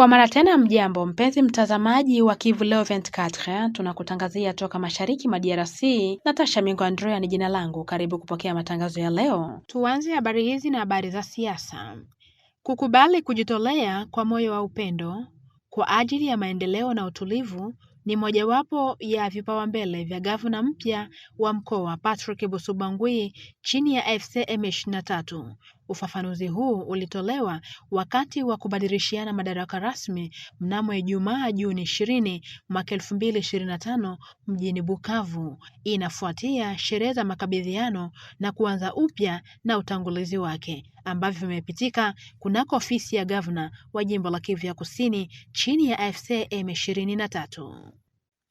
Kwa mara tena mjambo mpenzi mtazamaji wa Kivu Leo 24, tunakutangazia toka mashariki mwa DRC. Natasha Mingo Andrea ni jina langu, karibu kupokea matangazo ya leo. Tuanze habari hizi na habari za siasa. Kukubali kujitolea kwa moyo wa upendo kwa ajili ya maendeleo na utulivu ni mojawapo ya vipawa mbele vya gavana mpya wa mkoa Patrick Busubangui chini ya AFC M23 Ufafanuzi huu ulitolewa wakati wa kubadilishiana madaraka rasmi mnamo Ijumaa Juni 20 mwaka 2025 mjini Bukavu. Inafuatia sherehe za makabidhiano na kuanza upya na utangulizi wake ambavyo vimepitika kunako ofisi ya gavana wa jimbo la Kivu ya Kusini chini ya AFC M23.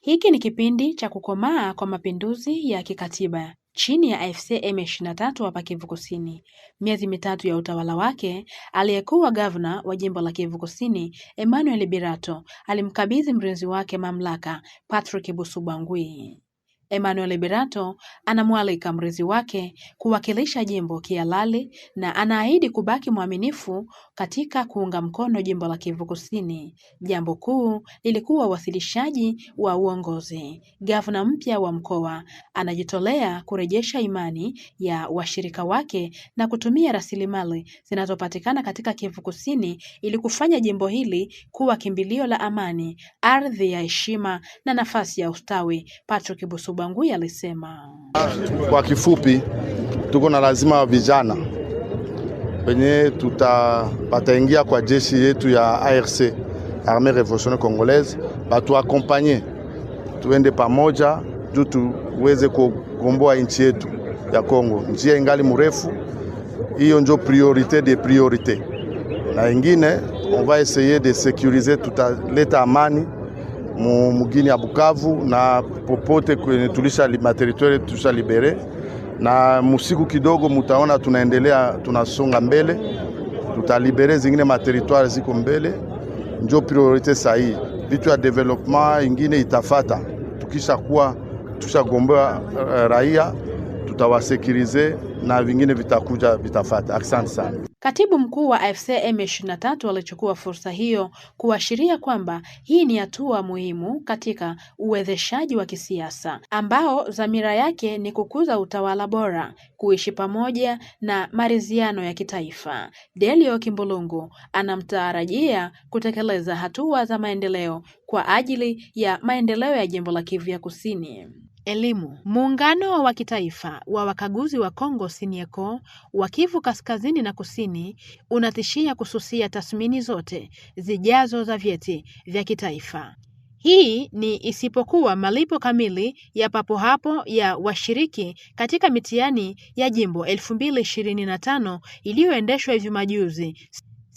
Hiki ni kipindi cha kukomaa kwa mapinduzi ya kikatiba chini ya AFC M23 hapa Kivu Kusini. Miezi mitatu ya utawala wake, aliyekuwa gavana wa jimbo la Kivu Kusini Emmanuel Birato alimkabidhi mrenzi wake mamlaka Patrick Busubangui. Emmanuel Berato anamwalika mrithi wake kuwakilisha jimbo kihalali na anaahidi kubaki mwaminifu katika kuunga mkono jimbo la Kivu Kusini. Jambo kuu lilikuwa uwasilishaji wa uongozi. Gavana mpya wa mkoa anajitolea kurejesha imani ya washirika wake na kutumia rasilimali zinazopatikana katika Kivu Kusini ili kufanya jimbo hili kuwa kimbilio la amani, ardhi ya heshima na nafasi ya ustawi. Patrick Busubu Bangui alisema kwa kifupi, tuko na lazima vijana wenye wataingia kwa jeshi yetu ya ARC Armée Revolutionnaire Congolaise, batuakompanye tuende pamoja juu tuweze kugomboa nchi yetu ya Kongo. Njia ingali mrefu, hiyo njo priorite de priorite, na ingine on va essayer de sécuriser, tutaleta amani mugini ya Bukavu na popote kwenye tulishalima tulisha libere na musiku kidogo mutaona tunaendelea tunasonga mbele, tutalibere zingine materitwari ziko mbele, njo priorite sahii Vitu ya development ingine itafata, tukisha kuwa tushagomboa eh, raia tutawasekirize na vingine vitakuja vitafata. Asante sana. Katibu mkuu wa AFC M23 alichukua fursa hiyo kuashiria kwamba hii ni hatua muhimu katika uwezeshaji wa kisiasa ambao dhamira yake ni kukuza utawala bora, kuishi pamoja na maridhiano ya kitaifa. Delio Kimbulungu anamtarajia kutekeleza hatua za maendeleo kwa ajili ya maendeleo ya jimbo la Kivu ya Kusini. Elimu. Muungano wa kitaifa wa wakaguzi wa Kongo Sinieko wa Kivu kaskazini na kusini unatishia kususia tathmini zote zijazo za vyeti vya kitaifa. Hii ni isipokuwa malipo kamili ya papo hapo ya washiriki katika mitihani ya jimbo 2025 iliyoendeshwa hivi majuzi.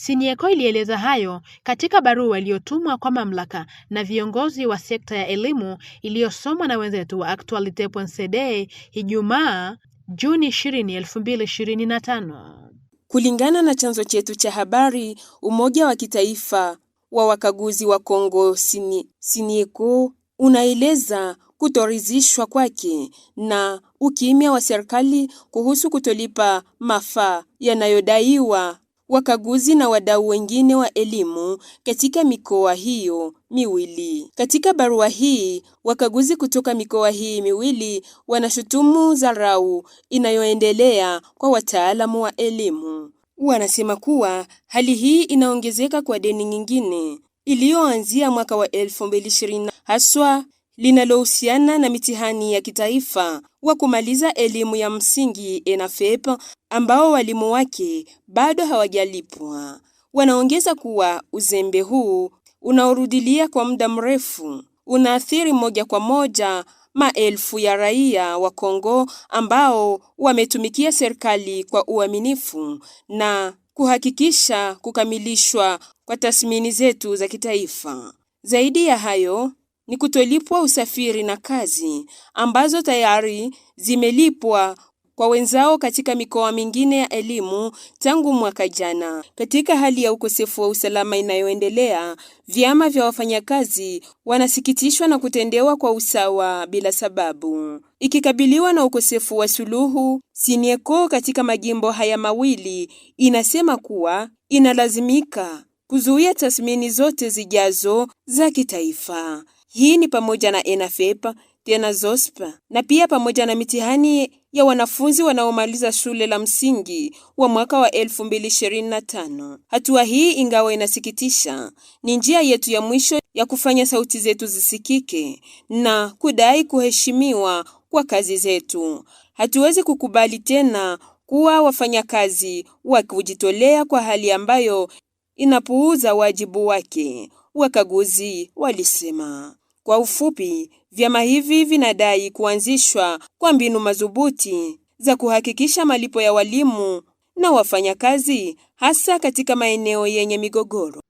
Sinieko ilieleza hayo katika barua iliyotumwa kwa mamlaka na viongozi wa sekta ya elimu iliyosomwa na wenzetu wa Actualite.cd Ijumaa Juni 20, 2025. Kulingana na chanzo chetu cha habari, Umoja wa Kitaifa wa Wakaguzi wa Kongo Sini, Sinieko unaeleza kutoridhishwa kwake na ukimya wa serikali kuhusu kutolipa mafaa yanayodaiwa wakaguzi na wadau wengine wa elimu katika mikoa hiyo miwili. Katika barua hii, wakaguzi kutoka mikoa hii miwili wanashutumu dharau inayoendelea kwa wataalamu wa elimu. Wanasema kuwa hali hii inaongezeka kwa deni nyingine iliyoanzia mwaka wa 2020 haswa linalohusiana na mitihani ya kitaifa wa kumaliza elimu ya msingi ENAFEP ambao walimu wake bado hawajalipwa. Wanaongeza kuwa uzembe huu unaorudilia kwa muda mrefu unaathiri moja kwa moja maelfu ya raia wa Kongo ambao wametumikia serikali kwa uaminifu na kuhakikisha kukamilishwa kwa tathmini zetu za kitaifa. Zaidi ya hayo, ni kutolipwa usafiri na kazi ambazo tayari zimelipwa kwa wenzao katika mikoa mingine ya elimu tangu mwaka jana. Katika hali ya ukosefu wa usalama inayoendelea, vyama vya wafanyakazi wanasikitishwa na kutendewa kwa usawa bila sababu. Ikikabiliwa na ukosefu wa suluhu, Sinieco katika majimbo haya mawili inasema kuwa inalazimika kuzuia tathmini zote zijazo za kitaifa. Hii ni pamoja na ENAFEPA, tena ZOSPA na pia pamoja na mitihani ya wanafunzi wanaomaliza shule la msingi wa mwaka wa 2025. Hatua hii ingawa inasikitisha, ni njia yetu ya mwisho ya kufanya sauti zetu zisikike na kudai kuheshimiwa kwa kazi zetu. Hatuwezi kukubali tena kuwa wafanyakazi wa kujitolea kwa hali ambayo inapuuza wajibu wake, wakaguzi walisema. Kwa ufupi, vyama hivi vinadai kuanzishwa kwa mbinu madhubuti za kuhakikisha malipo ya walimu na wafanyakazi hasa katika maeneo yenye migogoro.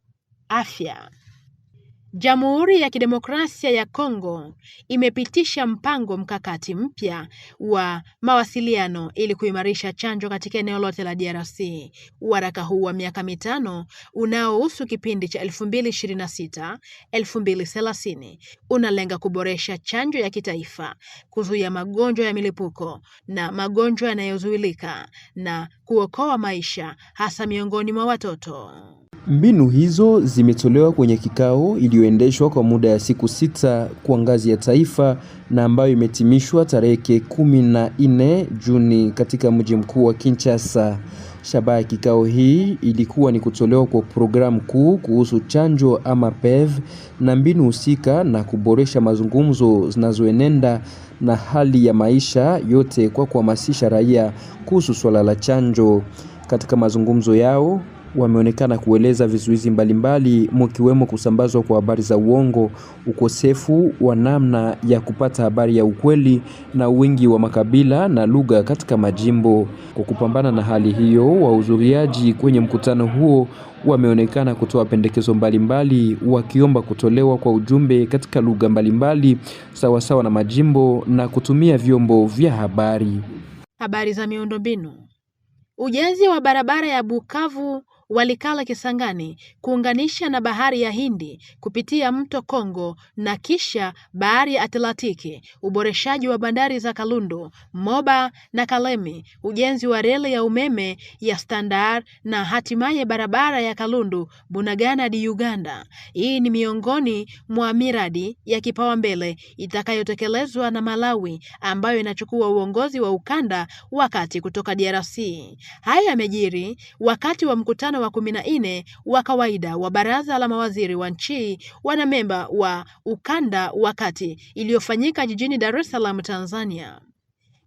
Afya Jamhuri ya Kidemokrasia ya Kongo imepitisha mpango mkakati mpya wa mawasiliano ili kuimarisha chanjo katika eneo lote la DRC. Waraka huu wa miaka mitano unaohusu kipindi cha 2026 2030 unalenga kuboresha chanjo ya kitaifa, kuzuia magonjwa ya milipuko na magonjwa yanayozuilika na kuokoa maisha hasa miongoni mwa watoto. Mbinu hizo zimetolewa kwenye kikao iliyoendeshwa kwa muda ya siku sita kwa ngazi ya taifa na ambayo imetimishwa tarehe na nne Juni katika mji mkuu wa Kinshasa. Shabaha ya kikao hii ilikuwa ni kutolewa kwa programu kuu kuhusu chanjo ama PEV na mbinu husika na kuboresha mazungumzo zinazoenenda na hali ya maisha yote kwa kuhamasisha raia kuhusu swala la chanjo. Katika mazungumzo yao wameonekana kueleza vizuizi mbalimbali mkiwemo kusambazwa kwa habari za uongo, ukosefu wa namna ya kupata habari ya ukweli na wingi wa makabila na lugha katika majimbo. Kwa kupambana na hali hiyo, wahudhuriaji kwenye mkutano huo wameonekana kutoa pendekezo mbalimbali wakiomba kutolewa kwa ujumbe katika lugha mbalimbali sawasawa na majimbo na kutumia vyombo vya habari. Habari za miundombinu. Ujenzi wa barabara ya Bukavu walikala Kisangani kuunganisha na bahari ya Hindi kupitia mto Kongo na kisha bahari ya Atlantiki, uboreshaji wa bandari za Kalundu, Moba na Kalemi, ujenzi wa reli ya umeme ya Standard na hatimaye barabara ya Kalundu Bunagana hadi Uganda. Hii ni miongoni mwa miradi ya mbele itakayotekelezwa na Malawi ambayo inachukua uongozi wa ukanda wakati kutoka DRC. Haya yamejiri wakati wa mkutano wa kumi na nne wa kawaida wa baraza la mawaziri wa nchi wanamemba wa ukanda wa kati iliyofanyika jijini Dar es Salaam, Tanzania.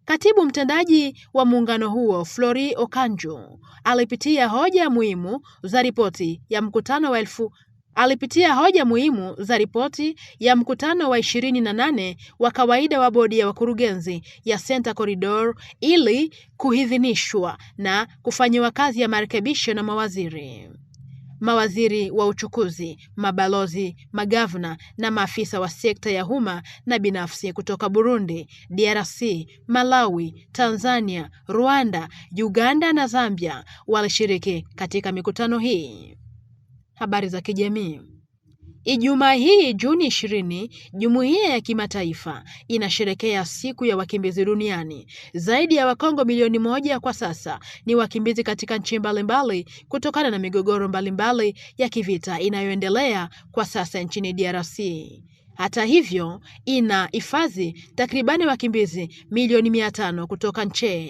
Katibu mtendaji wa muungano huo Flori Okanjo alipitia hoja muhimu za ripoti ya mkutano wa elfu alipitia hoja muhimu za ripoti ya mkutano wa 28 wa kawaida wa bodi ya wakurugenzi ya Center Corridor ili kuhidhinishwa na kufanyiwa kazi ya marekebisho na mawaziri mawaziri wa uchukuzi, mabalozi, magavana na maafisa wa sekta ya umma na binafsi kutoka Burundi, DRC, Malawi, Tanzania, Rwanda, Uganda na Zambia walishiriki katika mikutano hii habari za kijamii. Ijumaa hii Juni ishirini, jumuiya ya kimataifa inasherekea siku ya wakimbizi duniani. Zaidi ya Wakongo milioni moja kwa sasa ni wakimbizi katika nchi mbalimbali kutokana na migogoro mbalimbali ya kivita inayoendelea kwa sasa nchini DRC. Hata hivyo, ina hifadhi takribani wakimbizi milioni mia tano kutoka nchi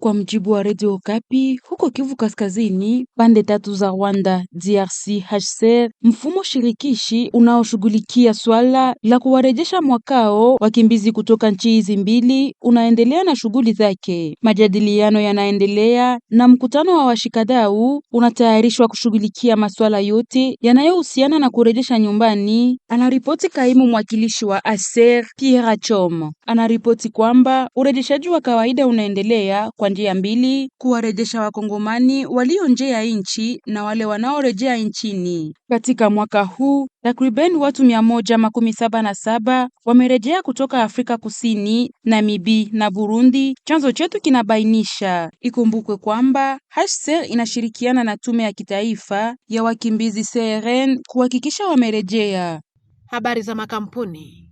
kwa mjibu wa redio Okapi, huko Kivu Kaskazini, pande tatu za Rwanda, DRC, HCR, mfumo shirikishi unaoshughulikia swala la kuwarejesha mwakao wakimbizi kutoka nchi hizi mbili unaendelea na shughuli zake. Majadiliano yanaendelea na mkutano wa washikadau unatayarishwa kushughulikia masuala yote yanayohusiana na kurejesha nyumbani, anaripoti kaimu mwakilishi wa HCR Pierre Achom. Anaripoti kwamba urejeshaji wa kawaida unaendelea kwa kwa njia mbili, kuwarejesha wakongomani walio nje ya nchi na wale wanaorejea nchini. Katika mwaka huu takriban watu mia moja makumi saba na saba wamerejea kutoka Afrika Kusini, Namibi na Burundi, chanzo chetu kinabainisha. Ikumbukwe kwamba HCR inashirikiana na tume ya kitaifa ya wakimbizi CRN kuhakikisha wamerejea. Habari za makampuni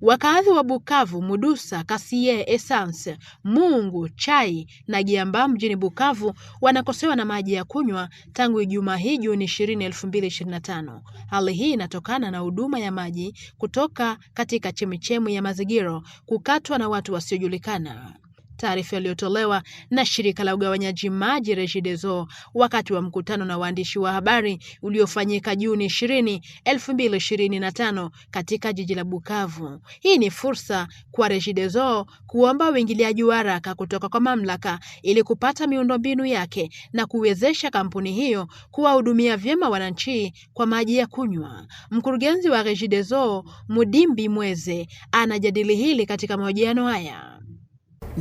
wakaadhi wa Bukavu, Mudusa, Kasie, Essence, Mungu, Chai na Giamba mjini Bukavu wanakosewa na maji ya kunywa tangu Ijumaa hii Juni 20, 2025. Hali hii inatokana na huduma ya maji kutoka katika chemichemi ya Mazigiro kukatwa na watu wasiojulikana. Taarifa iliyotolewa na shirika la ugawanyaji maji Regideso wakati wa mkutano na waandishi wa habari uliofanyika Juni 20, 2025 katika jiji la Bukavu. Hii ni fursa kwa Regideso kuomba uingiliaji wa haraka kutoka kwa mamlaka ili kupata miundombinu yake na kuwezesha kampuni hiyo kuwahudumia vyema wananchi kwa maji ya kunywa. Mkurugenzi wa Regideso Mudimbi Mweze anajadili hili katika mahojiano haya.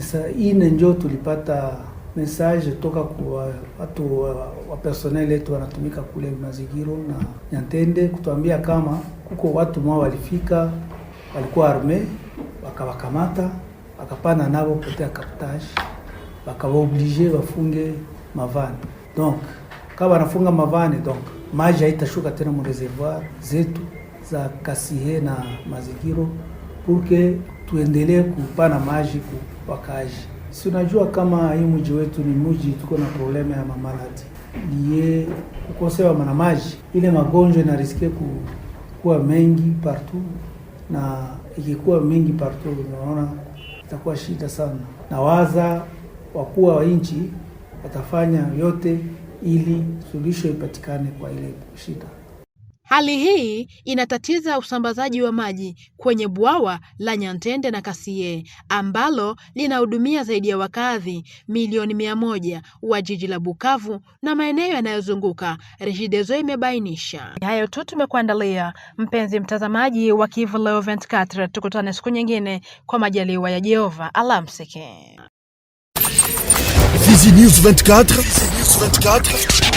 Saa ine njo tulipata message toka kwa watu wa personnel yetu wanatumika kule Mazigiro na Nyantende kutuambia kama kuko watu mwa walifika walikuwa arme wakawakamata wakapana nabo potea captage wakawaoblige wafunge mavani donc kama wanafunga mavani donc maji haitashuka tena mu reservoir zetu za Kasihe na Mazigiro, purke tuendelee kupana maji wakaji Si unajua kama hii mji wetu ni mji tuko na problema ya mamalati niye kukosewa na maji, ile magonjwa inariskia ku, kuwa mengi partu na ikikuwa mengi partu unaona itakuwa shida sana, na waza wakuwa wa nchi watafanya yote ili suluhisho ipatikane kwa ile shida. Hali hii inatatiza usambazaji wa maji kwenye bwawa la Nyantende na Kasie ambalo linahudumia zaidi ya wakazi milioni mia moja wa jiji la Bukavu na maeneo yanayozunguka, Regideso imebainisha. Hayo tu tumekuandalia mpenzi mtazamaji wa Kivu Leo 24, tukutane siku nyingine kwa majaliwa ya Jehova. Alamsiki. Fizi News 24. Fizi News 24.